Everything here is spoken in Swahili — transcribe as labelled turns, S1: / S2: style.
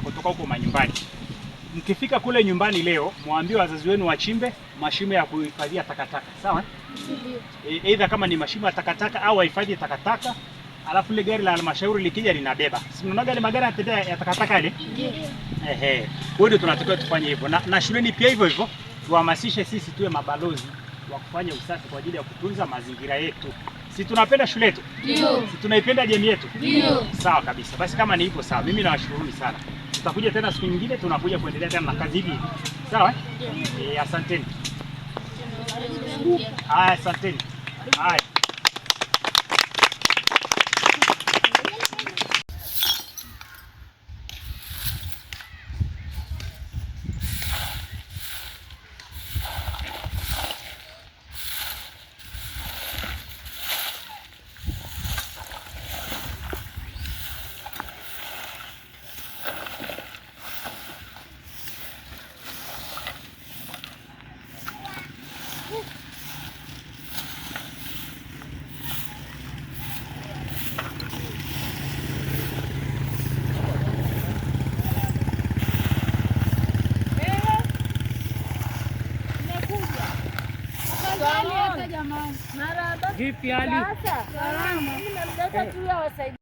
S1: kutoka huko manyumbani. Mkifika kule nyumbani leo, mwambie wazazi wenu wachimbe mashimo ya kuhifadhia takataka, sawa? Aidha e, kama ni mashimo ya takataka au wahifadhi takataka, alafu ile gari la halmashauri likija linabeba. Si mnaona gari magari yanatembea ya takataka ile? Ehe. Wewe ndio tunatakiwa tufanye hivyo na, na shuleni pia hivyo hivyo tuhamasishe sisi tuwe mabalozi wa kufanya usafi kwa ajili ya kutunza mazingira yetu. Si tunapenda shule yetu? Ndio. Si tunaipenda jamii yetu? Ndio. Sawa kabisa. Basi kama ni hivyo sawa. Mimi nawashukuru sana. Tutakuja tena siku nyingine tunakuja kuendelea tena na kazi hii. Sawa? Eh, eh asanteni. Haya, asanteni. Haya. Yaani Vipi hali?